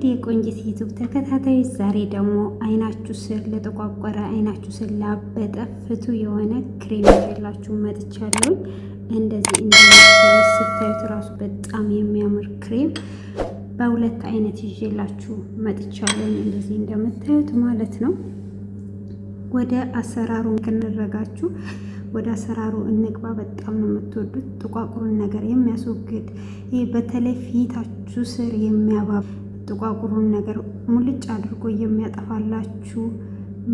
ውድ የቆንጂት ዩቱብ ተከታታዮች ዛሬ ደግሞ አይናችሁ ስር ለተቋቆረ አይናችሁ ስር ላበጠ ፍቱ የሆነ ክሬም ይዤላችሁ መጥቻለሁ። እንደዚህ እንደሚታዩት ስታዩት ራሱ በጣም የሚያምር ክሬም በሁለት አይነት ይዤላችሁ መጥቻለሁ። እንደዚህ እንደምታዩት ማለት ነው። ወደ አሰራሩ ክንረጋችሁ ወደ አሰራሩ እንግባ። በጣም ነው የምትወዱት። ጥቋቁሩን ነገር የሚያስወግድ ይህ በተለይ ፊታችሁ ስር የሚያባብ ጥቋቁሩን ነገር ሙልጭ አድርጎ የሚያጠፋላችሁ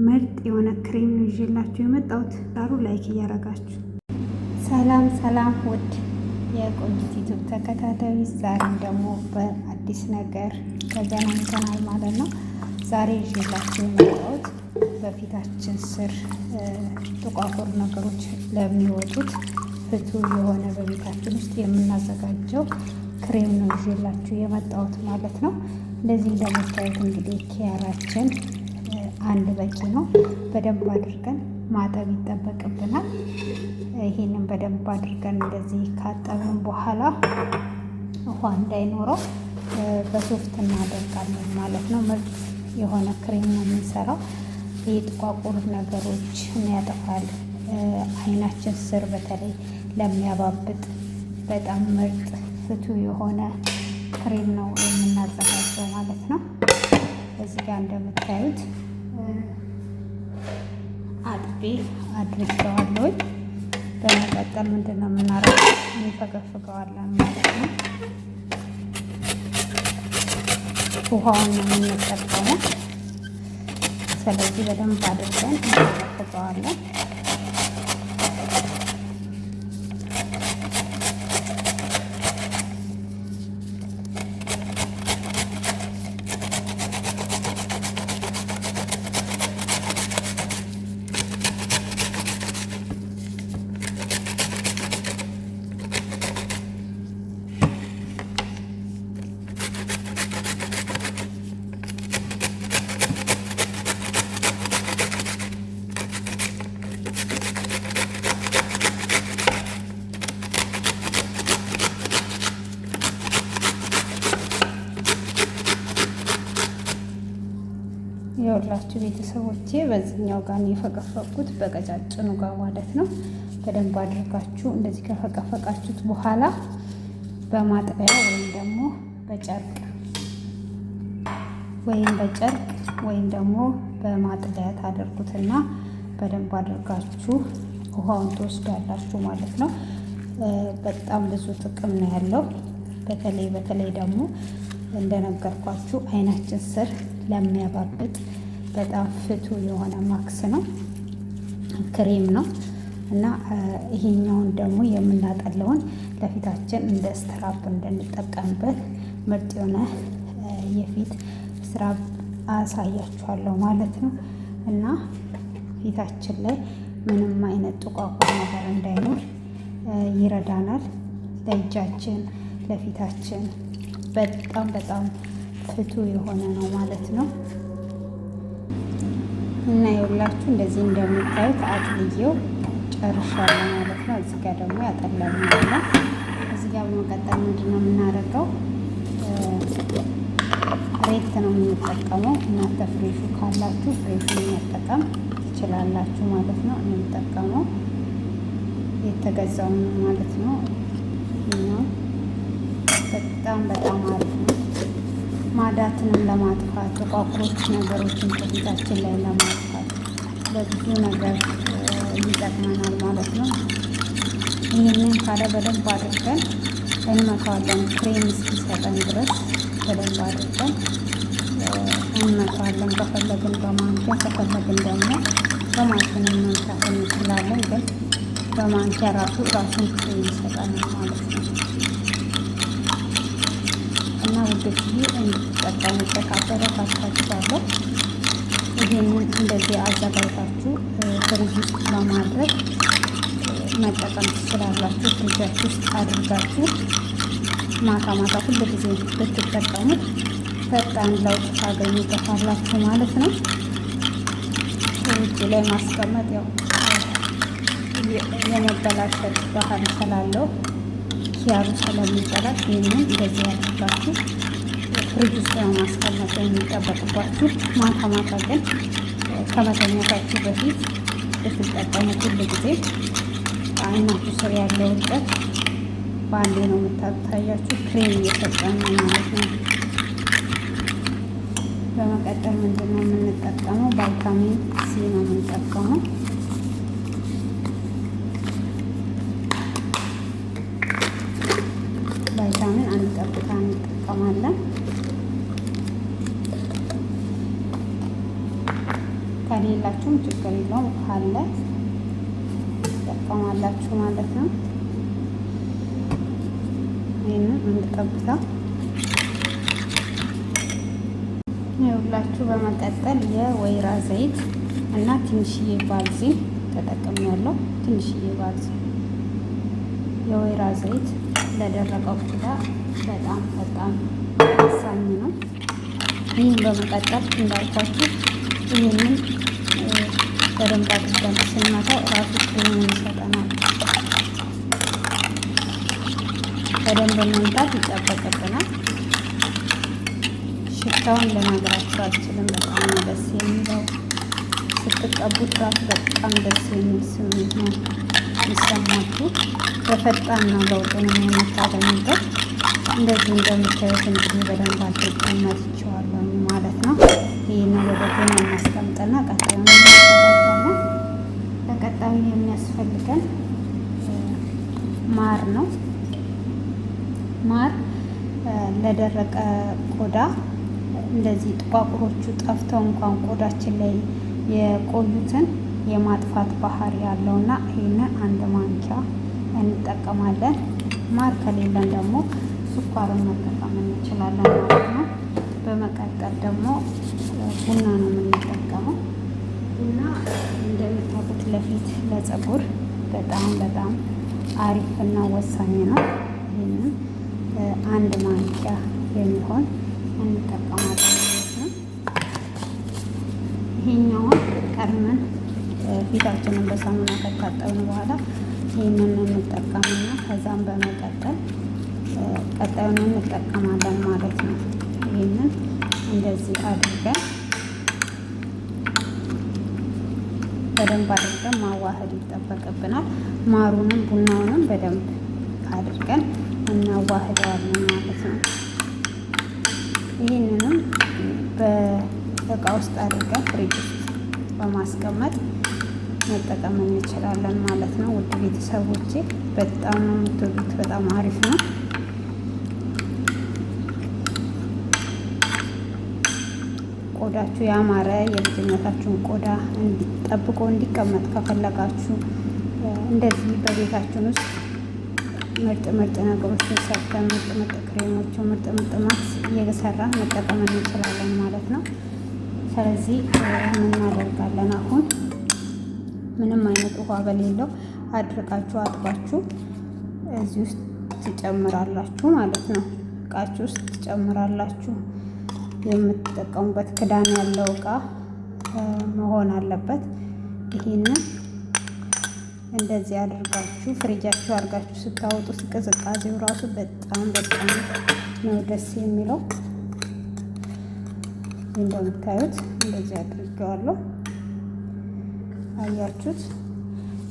ምርጥ የሆነ ክሬም ነው ይዤላችሁ የመጣሁት። ዳሩ ላይክ እያደረጋችሁ ሰላም ሰላም፣ ውድ የቆንጂት ዩቱብ ተከታታዩ፣ ዛሬም ደግሞ በአዲስ ነገር ተገናኝተናል ማለት ነው። ዛሬ ይዤላችሁ የመጣሁት በፊታችን ስር ጥቋቁር ነገሮች ለሚወጡት ፍቱህ የሆነ በቤታችን ውስጥ የምናዘጋጀው ክሬም ነው ይዤላችሁ የመጣሁት ማለት ነው። እንደዚህ እንደምታዩት እንግዲህ ኪያራችን አንድ በቂ ነው። በደንብ አድርገን ማጠብ ይጠበቅብናል። ይህንን በደንብ አድርገን እንደዚህ ካጠብን በኋላ ውሃ እንዳይኖረው በሶፍት እናደርጋለን ማለት ነው። ምርጥ የሆነ ክሬም ነው የምንሰራው። የጥቋቁር ነገሮች ያጠፋል። አይናችን ስር በተለይ ለሚያባብጥ በጣም ምርጥ ፍቱ የሆነ ክሬም ነው የምናዘጋጀው ማለት ነው። እዚህ ጋር እንደምታዩት አጥቤ አድርገዋለሁ። በመቀጠል ምንድን ነው የምናረገው? እንፈገፍገዋለን ማለት ነው። ውሃውን ነው የምንጠቀመው። ስለዚህ በደንብ አድርገን እንፈገፍገዋለን። የተከበራችሁ ቤተሰቦቼ በዚህኛው ጋር ነው የፈቀፈቁት፣ በቀጫጭኑ ጋር ማለት ነው። በደንብ አድርጋችሁ እንደዚህ ከፈቀፈቃችሁት በኋላ በማጥበያ ወይም ደግሞ በጨርቅ ወይም በጨርቅ ወይም ደግሞ በማጥለያ ታደርጉትና በደንብ አድርጋችሁ ውሃውን ትወስዳላችሁ ማለት ነው። በጣም ብዙ ጥቅም ነው ያለው። በተለይ በተለይ ደግሞ እንደነገርኳችሁ አይናችን ስር ለሚያባብጥ በጣም ፍቱ የሆነ ማክስ ነው፣ ክሬም ነው እና ይሄኛውን ደግሞ የምናጠለውን ለፊታችን እንደ ስትራፕ እንድንጠቀምበት ምርጥ የሆነ የፊት ስራፕ አሳያችኋለሁ ማለት ነው እና ፊታችን ላይ ምንም አይነት ጥቋቁ ነገር እንዳይኖር ይረዳናል። ለእጃችን ለፊታችን በጣም በጣም ፍቱ የሆነ ነው ማለት ነው። እና የሁላችሁ እንደዚህ እንደምታዩት አጥልዬው ጨርሻለሁ ማለት ነው። እዚህ ጋር ደግሞ ያጠላል ማለት እዚህ ጋር በመቀጠል ምንድን ነው የምናደርገው? ሬት ነው የምንጠቀመው። እናንተ ፍሬሹ ካላችሁ ፍሬሹ መጠቀም ትችላላችሁ ማለት ነው። የምጠቀመው የተገዛው ማለት ነው እና በጣም በጣም አሪፍ ማዳትንም ለማጥፋት ተቋቁሮች ነገሮችን ከፊታችን ላይ ለማጥፋት በብዙ ነገር ይጠቅመናል ማለት ነው። ይህንን ካለ በደንብ አድርገን እንመታዋለን። ክሬም እስኪሰጠን ድረስ በደንብ አድርገን እንመታዋለን። ከፈለግን በማንኪያ ከፈለግን ደግሞ በማሽን መምታት እንችላለን። ግን በማንኪያ ራሱ ራሱን ክሬም ይሰጠናል ማለት ነው። እንግዲህ እንድትጠቀሙበት አበረታታችኋለሁ። ይህንን እንደዚህ አዘጋጅታችሁ ፍሪጅ ውስጥ በማድረግ መጠቀም ትችላላችሁ። ፍሪጃችሁ ውስጥ አድርጋችሁ ማታ ማታ ሁሉ ጊዜ ብትጠቀሙ ፈጣን ለውጥ ታገኙበታላችሁ ማለት ነው። ውጭ ላይ ማስቀመጥ ያው የመበላሸት ባህል ስላለው ኪያሩ ስለሚበላት ይህንን እንደዚህ ያደርጋችሁ ፍሪጅ ውስጥ በማስቀመጥ የሚጠበቅባችሁ። ማታ ማታ ግን ከመተኛታችሁ በፊት ስትጠቀሙ ሁሉ ጊዜ አይናችሁ ስር ያለው እብጠት በአንዴ ነው የምታታያችሁ። ክሬም እየተጠቀሙ ማለት ነው። በመቀጠል ምንድን ነው የምንጠቀመው? ቫይታሚን ሲ ነው የምንጠቀመው። ጠብታ ይኸውላችሁ። በመቀጠል የወይራ ዘይት እና ትንሽዬ ባልዚን ተጠቅም ያለው ትንሽዬ ባልዚን የወይራ ዘይት ለደረቀው ቆዳ በጣም በጣም ወሳኝ ነው። ይህም በመቀጠል እንዳልኳችሁ ይህንን በደንብ አድርገን በደንብ መምታት ይጠበቅብናል። ሽታውን ለነገራችሁ አልችልም። በጣም ነው ደስ የሚለው ስትቀቡት ራሱ በጣም ደስ የሚል ስሜት ነው ይሰማችሁ። በፈጣን ነው ለውጡ ነው የምታገኙበት። እንደዚህ እንደምታዩት እንግዲህ በደንብ አድርጌ መትቼዋለሁ ማለት ነው። ይህን ወደ ጎን እናስቀምጥና ቀጣዩ ለቀጣዩ የሚያስፈልገን ማር ነው። ማር ለደረቀ ቆዳ እንደዚህ ጥቋቁሮቹ ጠፍተው እንኳን ቆዳችን ላይ የቆዩትን የማጥፋት ባህሪ ያለው እና ይህንን አንድ ማንኪያ እንጠቀማለን። ማር ከሌለን ደግሞ ስኳርን መጠቀም እንችላለን ማለት ነው። በመቀጠል ደግሞ ቡና ነው የምንጠቀመው። ቡና እንደምታውቁት ለፊት ለፀጉር በጣም በጣም አሪፍ እና ወሳኝ ነው። አንድ ማንኪያ የሚሆን እንጠቀማለን ማለት ነው። ይሄኛውን ቀድመን ፊታችንን በሳሙና ከታጠብን በኋላ ይህንን እንጠቀምና ከዛም በመቀጠል ቀጣዩን እንጠቀማለን ማለት ነው። ይህንን እንደዚህ አድርገን በደንብ አድርገን ማዋህድ ይጠበቅብናል። ማሩንም ቡናውንም በደንብ አድርገን እናዋህደዋለን ማለት ነው። ይህንንም በእቃ ውስጥ አድርገን ፍሪጅ ውስጥ በማስቀመጥ መጠቀም እንችላለን ማለት ነው። ውድ ቤተሰቦች በጣም ነው የምትወዱት። በጣም አሪፍ ነው። ቆዳችሁ ያማረ የልጅነታችሁን ቆዳ ጠብቆ እንዲቀመጥ ከፈለጋችሁ እንደዚህ በቤታችን ውስጥ ምርጥ ምርጥ ነገሮችን ሰርተን ምርጥ ምርጥ ክሬሞችን ምርጥ ምርጥ ማክስ እየሰራን መጠቀም እንችላለን ማለት ነው። ስለዚህ ምን እናደርጋለን አሁን ምንም አይነት ውሃ በሌለው አድርጋችሁ አጥባችሁ እዚህ ውስጥ ትጨምራላችሁ ማለት ነው። እቃችሁ ውስጥ ትጨምራላችሁ። የምትጠቀሙበት ክዳን ያለው እቃ መሆን አለበት። ይሄንን እንደዚህ አድርጋችሁ ፍሪጃችሁ አድርጋችሁ ስታወጡት ቅዝቃዜው ራሱ በጣም በጣም ነው ደስ የሚለው። እንደምታዩት እንደዚህ አድርጌዋለሁ። አያችሁት።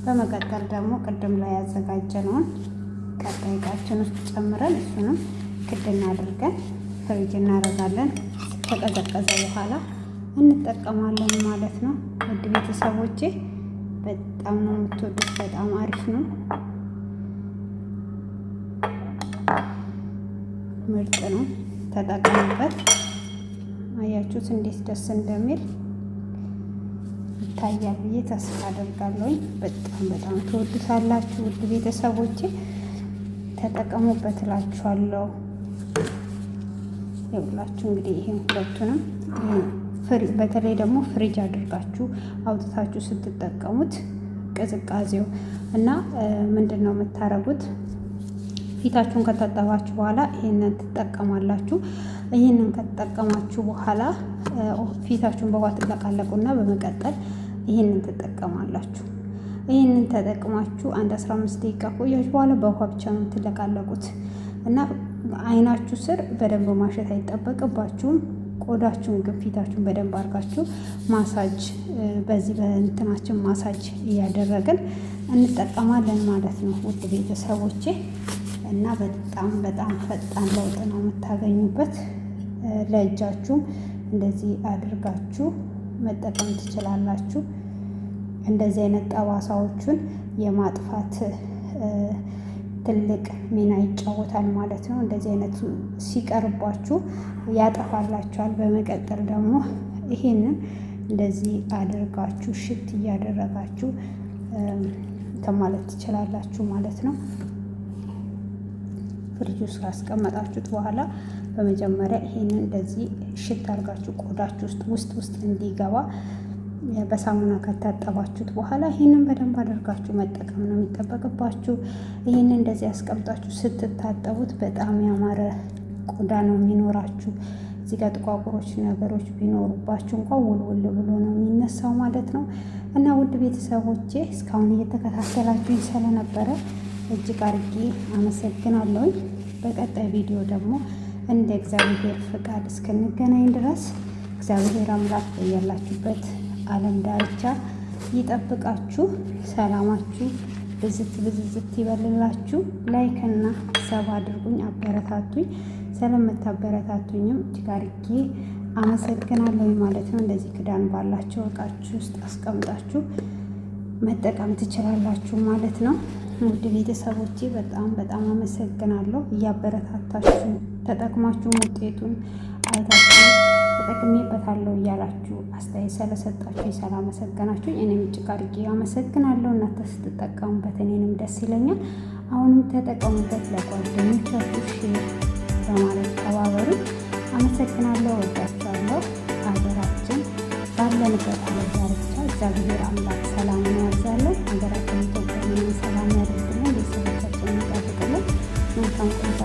በመቀጠል ደግሞ ቅድም ላይ ያዘጋጀነውን ቀጣይ ዕቃችን ውስጥ ጨምረን እሱንም ክድና አድርገን ፍሪጅ እናደርጋለን። ከቀዘቀዘ በኋላ እንጠቀማለን ማለት ነው ውድ ቤተሰቦቼ በጣም ነው የምትወዱት። በጣም አሪፍ ነው፣ ምርጥ ነው። ተጠቀሙበት። አያችሁት እንዴት ደስ እንደሚል ይታያል ብዬ ተስፋ አደርጋለሁኝ። በጣም በጣም ትወዱታላችሁ ውድ ቤተሰቦች ተጠቀሙበት እላችኋለሁ። ይኸውላችሁ እንግዲህ ይህም ሁለቱንም በተለይ ደግሞ ፍሪጅ አድርጋችሁ አውጥታችሁ ስትጠቀሙት ቅዝቃዜው እና ምንድን ነው የምታረጉት? ፊታችሁን ከታጠባችሁ በኋላ ይህንን ትጠቀማላችሁ። ይህንን ከተጠቀማችሁ በኋላ ፊታችሁን በውሃ ትለቃለቁና በመቀጠል ይህንን ትጠቀማላችሁ። ይህንን ተጠቅማችሁ አንድ 15 ደቂቃ ቆያችሁ በኋላ በውሃ ብቻ ነው የምትለቃለቁት እና አይናችሁ ስር በደንብ ማሸት አይጠበቅባችሁም። ቆዳችሁን ግፊታችሁን በደንብ አድርጋችሁ ማሳጅ በዚህ በእንትናችን ማሳጅ እያደረግን እንጠቀማለን ማለት ነው ውድ ቤተሰቦቼ እና በጣም በጣም ፈጣን ለውጥ ነው የምታገኙበት። ለእጃችሁም እንደዚህ አድርጋችሁ መጠቀም ትችላላችሁ። እንደዚህ አይነት ጠባሳዎቹን የማጥፋት ትልቅ ሚና ይጫወታል ማለት ነው። እንደዚህ አይነት ሲቀርባችሁ ያጠፋላችኋል። በመቀጠል ደግሞ ይህንን እንደዚህ አድርጋችሁ ሽት እያደረጋችሁ ተማለት ትችላላችሁ ማለት ነው። ፍሪጅ ውስጥ ካስቀመጣችሁት በኋላ በመጀመሪያ ይህንን እንደዚህ ሽት አድርጋችሁ ቆዳችሁ ውስጥ ውስጥ ውስጥ እንዲገባ በሳሙና ከታጠባችሁት በኋላ ይህንን በደንብ አድርጋችሁ መጠቀም ነው የሚጠበቅባችሁ። ይህንን እንደዚህ ያስቀምጣችሁ ስትታጠቡት በጣም ያማረ ቆዳ ነው የሚኖራችሁ። እዚህ ጋር ጥቋቁሮች ነገሮች ቢኖሩባችሁ እንኳ ውልውል ብሎ ነው የሚነሳው ማለት ነው። እና ውድ ቤተሰቦቼ እስካሁን እየተከታተላችሁኝ ስለነበረ እጅግ አድርጌ አመሰግናለሁኝ። በቀጣይ ቪዲዮ ደግሞ እንደ እግዚአብሔር ፍቃድ እስክንገናኝ ድረስ እግዚአብሔር አምላክ በያላችሁበት ዓለም ዳርቻ ይጠብቃችሁ። ሰላማችሁ ብዝት ብዝዝት ይበልላችሁ። እና ሰብ አድርጉኝ፣ አበረታቱኝ። ስለምታበረታቱኝም እጅግ አድርጌ አመሰግናለሁ ማለት ነው። እንደዚህ ክዳን ባላቸው እቃችሁ ውስጥ አስቀምጣችሁ መጠቀም ትችላላችሁ ማለት ነው። ውድ ቤተሰቦቼ በጣም በጣም አመሰግናለሁ። እያበረታታችሁ ተጠቅማችሁም ውጤቱን አይታችሁ ተጠቅሜበታለሁ እያላችሁ አስተያየት ስለሰጣችሁ ስላመሰገናችሁ እኔም እጅግ አድርጌ አመሰግናለሁ። እናንተ ስትጠቀሙበት እኔንም ደስ ይለኛል። አሁንም ተጠቀሙበት። ለጓደኞቻችሁ ሼር በማለት ተባበሩ። አመሰግናለሁ። ወዳቸዋለሁ። ሀገራችን ባለንበት ዓለም ዳርቻ እግዚአብሔር አምላክ ሰላም ያዛለን። ሀገራችን ኢትዮጵያ ሰላም ያደርግልን። ቤተሰቦቻችን ይጠብቅልን። መልካም ቆይታ